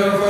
yo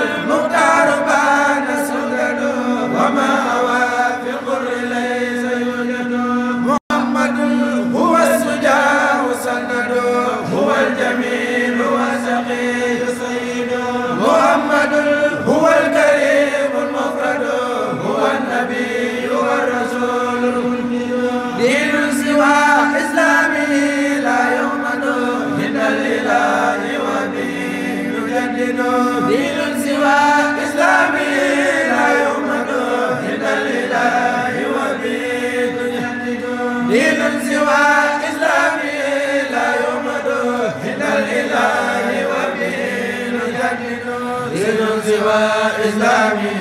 وإسلامي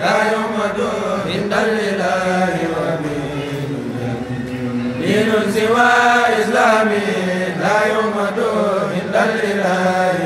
لا يمد عند الإله ومن دين سوى إسلامي لا يمد عند الإله